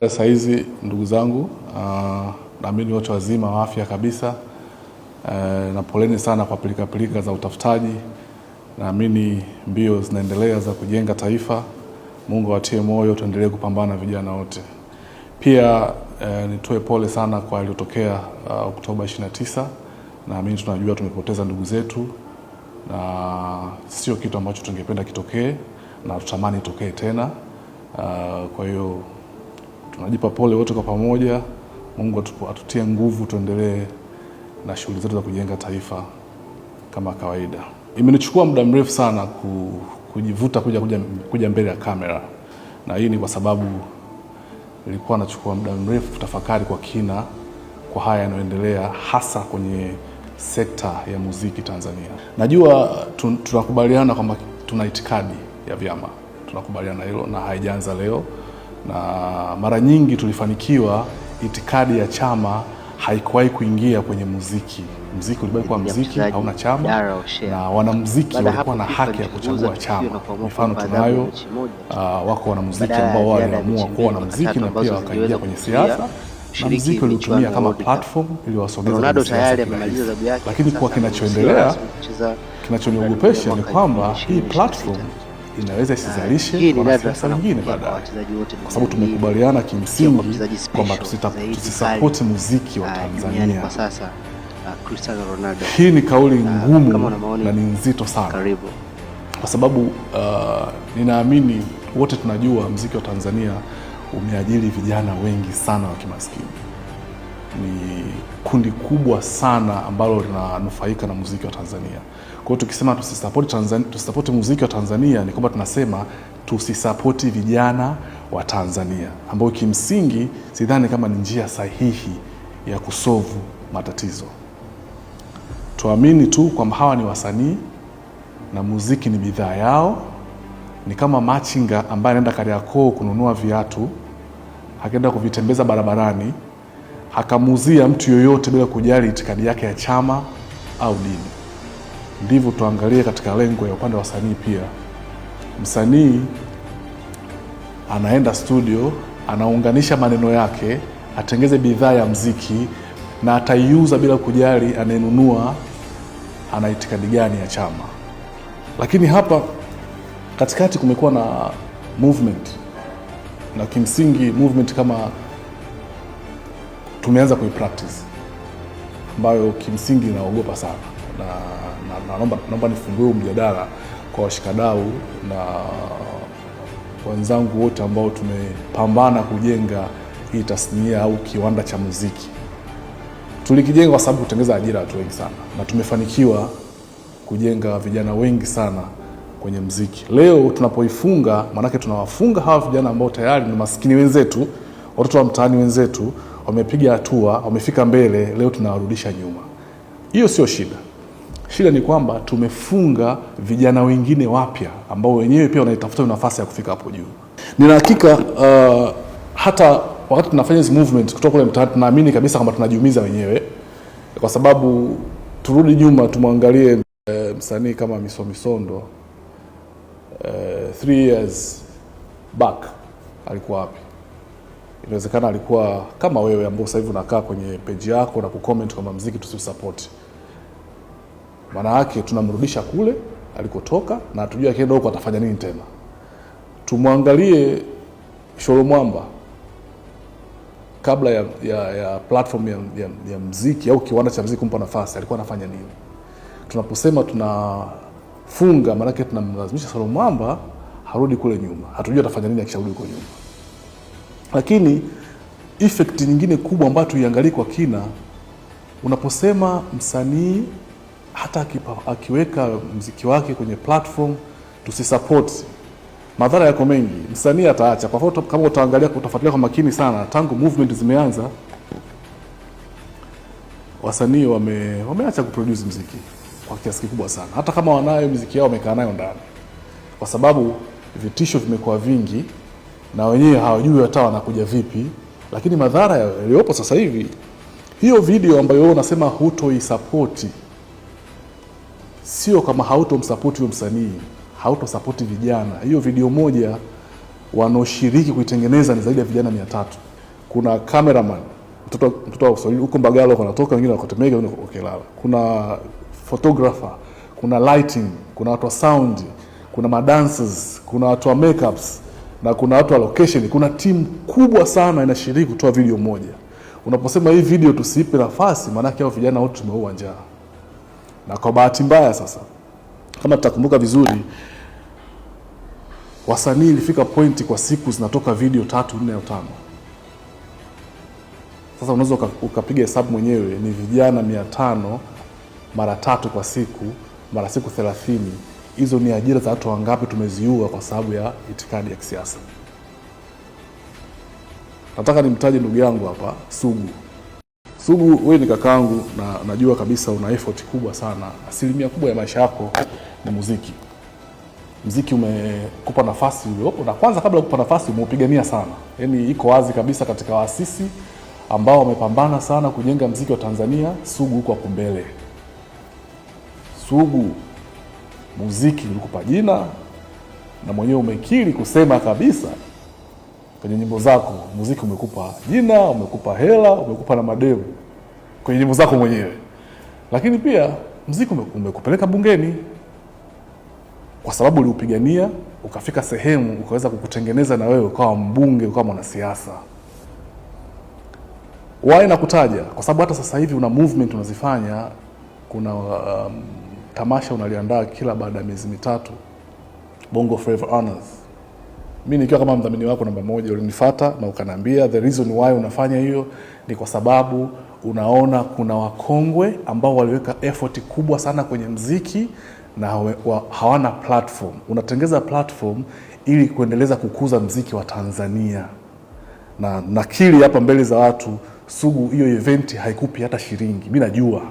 Sasa hizi ndugu zangu, uh, naamini wote wazima wa afya kabisa. Uh, na poleni sana kwa pilikapilika -pilika za utafutaji. Naamini mbio zinaendelea za kujenga taifa. Mungu awatie moyo, tuendelee kupambana vijana wote. Pia uh, nitoe pole sana kwa yaliyotokea uh, Oktoba 29. Naamini tunajua tumepoteza ndugu zetu na sio kitu ambacho tungependa kitokee na tutamani itokee tena. Uh, kwa hiyo Tunajipa pole wote kwa pamoja. Mungu atutie nguvu, tuendelee na shughuli zetu za kujenga taifa kama kawaida. Imenichukua muda mrefu sana ku, kujivuta kuja, kuja, kuja mbele ya kamera, na hii ni kwa sababu nilikuwa nachukua muda mrefu kutafakari kwa kina kwa haya yanayoendelea hasa kwenye sekta ya muziki Tanzania. Najua tunakubaliana kwamba tuna itikadi ya vyama, tunakubaliana hilo na haijaanza leo na mara nyingi tulifanikiwa, itikadi ya chama haikuwahi kuingia kwenye muziki. Muziki ulibaki kuwa muziki, hauna chama, na wanamuziki walikuwa na haki ya kuchagua chama. Mifano tunayo uh, wako wanamuziki ambao waliamua kuwa wanamuziki na pia wakaingia kwenye siasa na mziki uliotumia kama platform iliwasogeza kwenye siasa. Lakini kwa kinachoendelea, kinachoniogopesha ni kwamba hii platform inaweza isizalishe wanasiasa wengine baadaye, kwa sababu tumekubaliana kimsingi kwamba tusisapoti muziki wa ah, Tanzania. Ah, hii ni kauli ah, ngumu na ni nzito sana, kwa sababu uh, ninaamini wote tunajua muziki wa Tanzania umeajiri vijana wengi sana wa kimaskini ni kundi kubwa sana ambalo linanufaika na muziki wa Tanzania. Kwa hiyo tukisema tusisapoti Tanzania, tusisapoti muziki wa Tanzania ni kwamba tunasema tusisapoti vijana wa Tanzania ambao kimsingi sidhani kama ni njia sahihi ya kusovu matatizo. Tuamini tu kwamba hawa ni wasanii na muziki ni bidhaa yao. Ni kama machinga ambaye anaenda Kariakoo kununua viatu, akaenda kuvitembeza barabarani akamuuzia mtu yoyote bila kujali itikadi yake ya chama au dini. Ndivyo tuangalie katika lengo ya upande wa wasanii pia. Msanii anaenda studio, anaunganisha maneno yake, atengeze bidhaa ya mziki na ataiuza bila kujali anayenunua ana itikadi gani ya chama. Lakini hapa katikati kumekuwa na movement na kimsingi movement kama tumeanza practice ambayo kimsingi naogopa sana na, na, na naomba, nifungue mjadala kwa washikadau na wenzangu wote ambao tumepambana kujenga hii tasnia au kiwanda cha muziki. Tulikijenga kwa sababu kutengeza ajira watu wengi sana, na tumefanikiwa kujenga vijana wengi sana kwenye mziki. Leo tunapoifunga, maanake tunawafunga hawa vijana ambao tayari ni maskini wenzetu, watoto wa mtaani wenzetu wamepiga hatua, wamefika mbele, leo tunawarudisha nyuma. Hiyo sio shida. Shida ni kwamba tumefunga vijana wengine wapya ambao wenyewe pia wanaitafuta nafasi ya kufika hapo juu. Nina hakika uh, hata wakati tunafanya hizi movement kutoka kule mtaani, tunaamini kabisa kwamba tunajiumiza wenyewe, kwa sababu turudi nyuma tumwangalie uh, msanii kama misomisondo Misondo e, three years back alikuwa wapi? inawezekana alikuwa kama wewe ambao sasa hivi unakaa kwenye peji yako na kucomment kwamba mziki tusiusapoti. Maana yake tunamrudisha kule alikotoka na tujue akienda huko atafanya nini tena. Tumwangalie Sholo Mwamba kabla ya, ya, ya platform ya, ya, ya mziki au kiwanda cha mziki kumpa nafasi alikuwa anafanya nini? Tunaposema tunafunga, maanake tunamlazimisha Sholo Mwamba harudi kule nyuma, hatujui atafanya nini akisharudi huko nyuma. Lakini effect nyingine kubwa ambayo tuiangalie kwa kina, unaposema msanii hata akipa, akiweka mziki wake kwenye platform tusisupport, madhara yako mengi. Msanii ataacha kwa foto. Kama utaangalia utafuatilia kwa makini sana, tangu movement zimeanza wasanii wame, wameacha kuproduce mziki kwa kiasi kikubwa sana, hata kama wanayo mziki yao wamekaa nayo ndani, kwa sababu vitisho vimekuwa vingi na wenyewe hawajui hata wanakuja vipi, lakini madhara yaliyopo sasa hivi, hiyo video ambayo wewe unasema hutoisapoti, sio kama hautomsapoti huyo msanii, hautosapoti vijana. Hiyo video moja wanaoshiriki kuitengeneza ni zaidi ya vijana mia tatu. Kuna cameraman mtoto mtoto wa Kiswahili huko Mbagala wanatoka wengine wako Temeke, wengine wako Kilala. Kuna photographer, kuna lighting, kuna watu wa sound, kuna madancers, kuna watu wa makeups na kuna watu location, kuna timu kubwa sana inashiriki kutoa video moja. Unaposema hii video tusiipe nafasi, maanake hao vijana wote tumeua njaa. Na kwa bahati mbaya sasa, kama tutakumbuka vizuri, wasanii ilifika pointi kwa siku zinatoka video tatu nne au tano. Sasa unaweza ukapiga hesabu mwenyewe, ni vijana mia tano mara tatu kwa siku mara siku thelathini hizo ni ajira za watu wangapi tumeziua kwa sababu ya itikadi ya kisiasa? Nataka nimtaje ndugu yangu hapa Sugu. Sugu, wewe ni kakaangu na najua kabisa una effort kubwa sana, asilimia kubwa ya maisha yako ni muziki. Muziki umekupa nafasi hiyo, na kwanza kabla kupa nafasi umeupigania sana, yaani iko wazi kabisa katika waasisi ambao wamepambana sana kujenga muziki wa Tanzania, Sugu huko mbele. Sugu muziki ulikupa jina na mwenyewe umekiri kusema kabisa kwenye nyimbo zako, muziki umekupa jina, umekupa hela, umekupa na madeu kwenye nyimbo zako mwenyewe, lakini pia muziki umekupeleka bungeni kwa sababu uliupigania ukafika sehemu ukaweza kukutengeneza na wewe ukawa mbunge ukawa mwanasiasa. Wae nakutaja kwa sababu hata sasa hivi una movement unazifanya kuna um, tamasha unaliandaa kila baada ya miezi mitatu, Bongo Flava Honors. Mimi nikiwa kama mdhamini wako namba moja, ulinifuata na ukaniambia the reason why unafanya hiyo ni kwa sababu unaona kuna wakongwe ambao waliweka effort kubwa sana kwenye mziki na hawana platform. Unatengeza platform ili kuendeleza kukuza mziki wa Tanzania, na nakili hapa mbele za watu, Sugu, hiyo eventi haikupi hata shilingi, mimi najua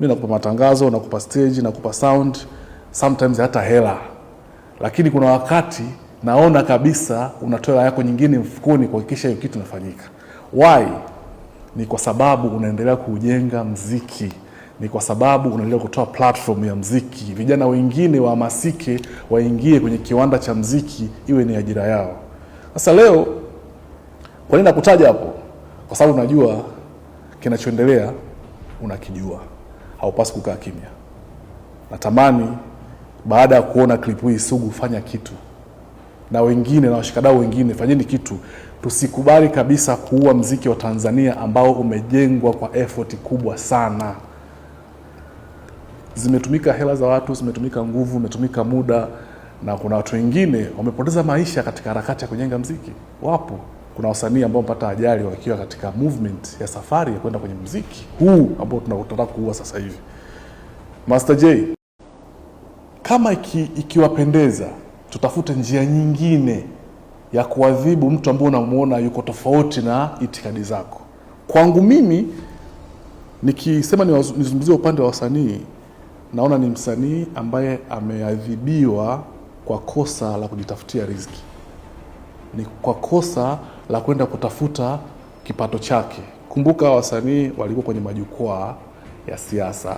mimi nakupa matangazo, nakupa stage, nakupa sound, sometimes hata hela, lakini kuna wakati naona kabisa unatoa yako nyingine mfukoni kuhakikisha hiyo kitu inafanyika. Why? Ni kwa sababu unaendelea kujenga mziki, ni kwa sababu unaendelea kutoa platform ya mziki, vijana wengine wahamasike, waingie kwenye kiwanda cha mziki, iwe ni ajira yao. Sasa leo, kwa nini nakutaja hapo? Kwa sababu unajua kinachoendelea unakijua haupasi kukaa kimya. Natamani baada ya kuona klipu hii Sugu, fanya kitu na wengine na washikadau wengine, fanyeni kitu. Tusikubali kabisa kuua mziki wa Tanzania ambao umejengwa kwa effort kubwa sana. Zimetumika hela za watu, zimetumika nguvu, umetumika muda, na kuna watu wengine wamepoteza maisha katika harakati ya kujenga mziki. Wapo kuna wasanii ambao wamepata ajali wakiwa katika movement ya safari ya kwenda kwenye mziki huu ambao tunataka kuua sasa hivi. Master J, kama iki, ikiwapendeza tutafute njia nyingine ya kuadhibu mtu ambaye unamuona yuko tofauti na itikadi zako. Kwangu mimi nikisema nizungumzie upande wa wasanii, naona ni msanii ambaye ameadhibiwa kwa kosa la kujitafutia riziki ni kwa kosa la kwenda kutafuta kipato chake. Kumbuka wasanii walikuwa kwenye majukwaa ya siasa,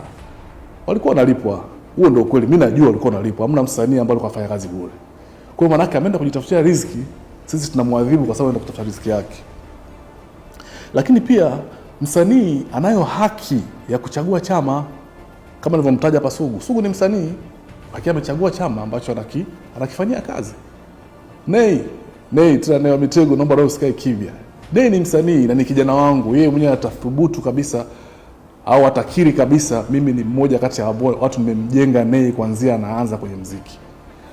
walikuwa wanalipwa. Huo ndio ukweli, mi najua walikuwa wanalipwa. Hamna msanii ambaye alikuwa afanya kazi bure. Kwa hiyo manake ameenda kujitafutia riziki, sisi tunamwadhibu kwa sababu ameenda kutafuta riziki yake. Lakini pia msanii anayo haki ya kuchagua chama kama alivyomtaja hapa Sugu. Sugu ni msanii, lakini amechagua chama ambacho anaki, anakifanyia kazi. Nei Nay tena mitego, naomba roho sikae kimya. Nay ni msanii na ni kijana wangu, yeye mwenyewe atathubutu kabisa au atakiri kabisa, mimi ni mmoja kati ya watu nimemjenga Nay kuanzia anaanza kwenye mziki,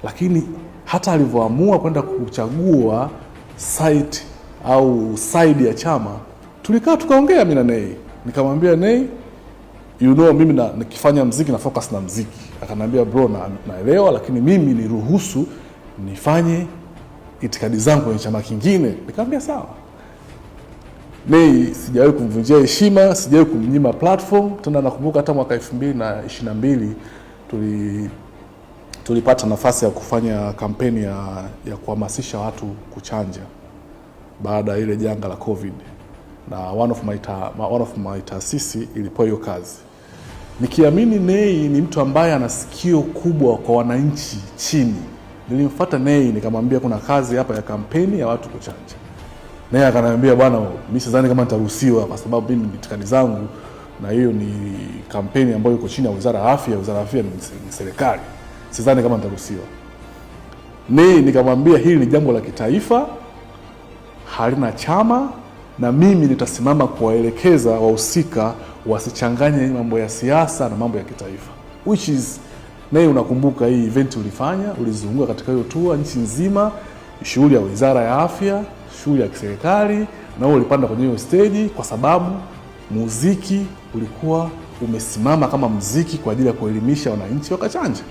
lakini hata alivyoamua kwenda kuchagua site au side ya chama, tulikaa tukaongea mimi na Nay, nikamwambia Nay, you know, mimi na nikifanya mziki na focus na mziki. Akaniambia bro, na naelewa, lakini mimi niruhusu nifanye itikadi zangu kwenye chama kingine. Nikamwambia sawa. Mei sijawahi kumvunjia heshima, sijawahi kumnyima platform. Tena nakumbuka hata mwaka 2022 tuli tulipata nafasi ya kufanya kampeni ya, ya kuhamasisha watu kuchanja baada ya ile janga la COVID na one of my, ta, one of my taasisi ilipo hiyo kazi nikiamini Nei ni mtu ambaye ana sikio kubwa kwa wananchi chini Nilimfuata Nei nikamwambia kuna kazi hapa ya kampeni ya watu kuchanja. Naye akaniambia bwana, mimi sidhani kama nitaruhusiwa kwa sababu mimi mitikani zangu na hiyo ni kampeni ambayo iko chini ya Wizara ya Afya. Wizara ya Afya ni serikali, sidhani kama nitaruhusiwa. Nei nikamwambia hili ni jambo la kitaifa, halina chama, na mimi nitasimama kuwaelekeza wahusika wasichanganye mambo ya siasa na mambo ya kitaifa which is naye unakumbuka hii event ulifanya, ulizunguka katika hiyo tour nchi nzima, shughuli ya wizara ya afya, shughuli ya kiserikali, na wewe ulipanda kwenye hiyo stage, kwa sababu muziki ulikuwa umesimama kama muziki kwa ajili ya kuelimisha wananchi wakachanja.